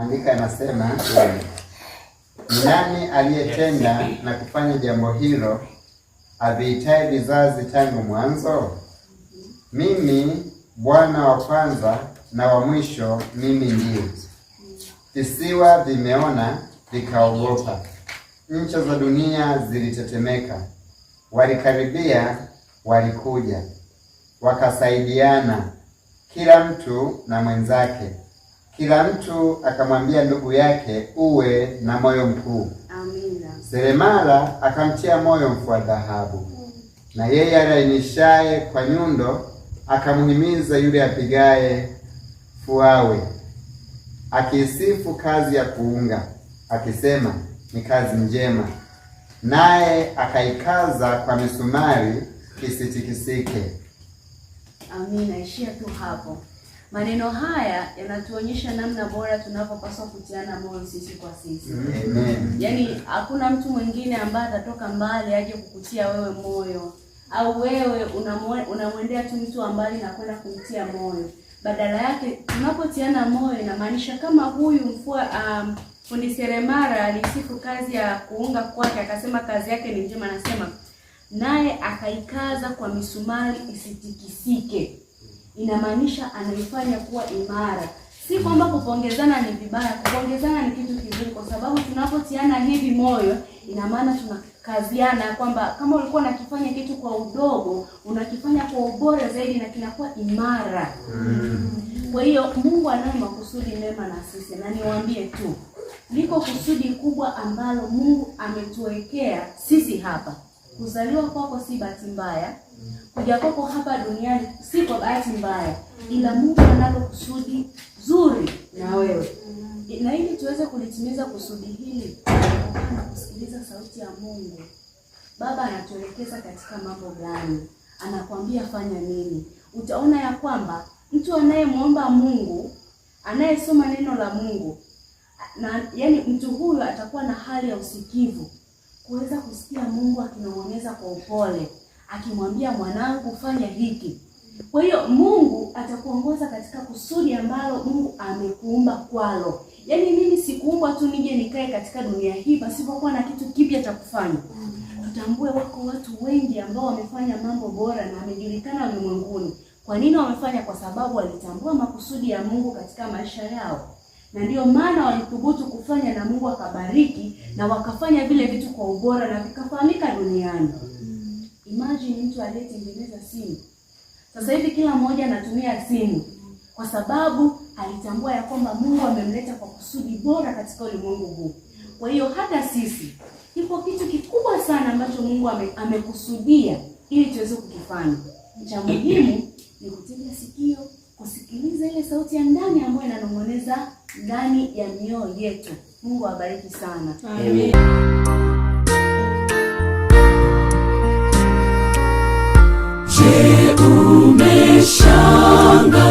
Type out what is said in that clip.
Andika anasema ni nani aliyetenda na kufanya jambo hilo avihitaye vizazi tangu mwanzo? Mimi Bwana wa kwanza na wa mwisho, mimi ndiye. Visiwa vimeona vikaogopa, ncha za dunia zilitetemeka. Walikaribia, walikuja, wakasaidiana, kila mtu na mwenzake kila mtu akamwambia ndugu yake, uwe na moyo mkuu. Amina. Seremala akamtia moyo mfua dhahabu, mm. na yeye alainishaye kwa nyundo akamhimiza yule apigaye fuawe, akiisifu kazi ya kuunga, akisema ni kazi njema, naye akaikaza kwa misumari kisitikisike. Amina. Ishia tu hapo. Maneno haya yanatuonyesha namna bora tunavyopaswa kutiana moyo sisi kwa sisi. Amen. Yaani hakuna mtu mwingine ambaye atatoka mbali aje kukutia wewe moyo au wewe unamwendea tu mtu ambaye nakwenda kumtia moyo. Badala yake tunapotiana moyo inamaanisha kama huyu mfua um, fundi seremara alisifu kazi ya kuunga kwake, akasema kazi yake ni njema, anasema naye akaikaza kwa misumari isitikisike inamaanisha anaifanya kuwa imara. Si kwamba kupongezana ni vibaya, kupongezana ni kitu kizuri, kwa sababu tunapotiana hivi moyo, ina maana tunakaziana kwamba kama ulikuwa unakifanya kitu kwa udogo, unakifanya kwa ubora zaidi na kinakuwa imara. Mm. Kwa hiyo Mungu anayo makusudi mema na sisi, na niwaambie tu liko kusudi kubwa ambalo Mungu ametuwekea sisi hapa Kuzaliwa kwako si bahati mbaya, kuja kwako hapa duniani si kwa bahati mbaya, ila Mungu analo kusudi zuri na wewe. Na ili tuweze kulitimiza kusudi hili, kusikiliza sauti ya Mungu. Baba anatuelekeza katika mambo gani, anakwambia fanya nini. Utaona ya kwamba mtu anayemwomba Mungu, anayesoma neno la Mungu na, yani mtu huyu atakuwa na hali ya usikivu kuweza kusikia Mungu akinong'oneza kwa upole, akimwambia mwanangu, fanya hiki. Kwa hiyo Mungu atakuongoza katika kusudi ambalo Mungu amekuumba kwalo. Yaani mimi sikuumbwa tu nije nikae katika dunia hii pasipokuwa na kitu kipya cha kufanya. Tutambue wako watu wengi ambao wamefanya mambo bora na wamejulikana ulimwenguni. Kwa nini wamefanya? Kwa sababu walitambua makusudi ya Mungu katika maisha yao, na ndio maana walithubutu kufanya na Mungu akabariki na wakafanya vile vitu kwa ubora na vikafahamika duniani. Imagine mtu aliyetengeneza simu. Sasa hivi kila mmoja anatumia simu kwa sababu alitambua ya kwamba Mungu amemleta kwa kusudi bora katika ulimwengu huu. Kwa hiyo hata sisi ipo kitu kikubwa sana ambacho Mungu ame, amekusudia ili tuweze kukifanya. Cha muhimu ni kutega sikio, kusikiliza ile sauti ya ndani ambayo inanong'oneza ndani ya mioyo yetu. Mungu awabariki sana. Amen.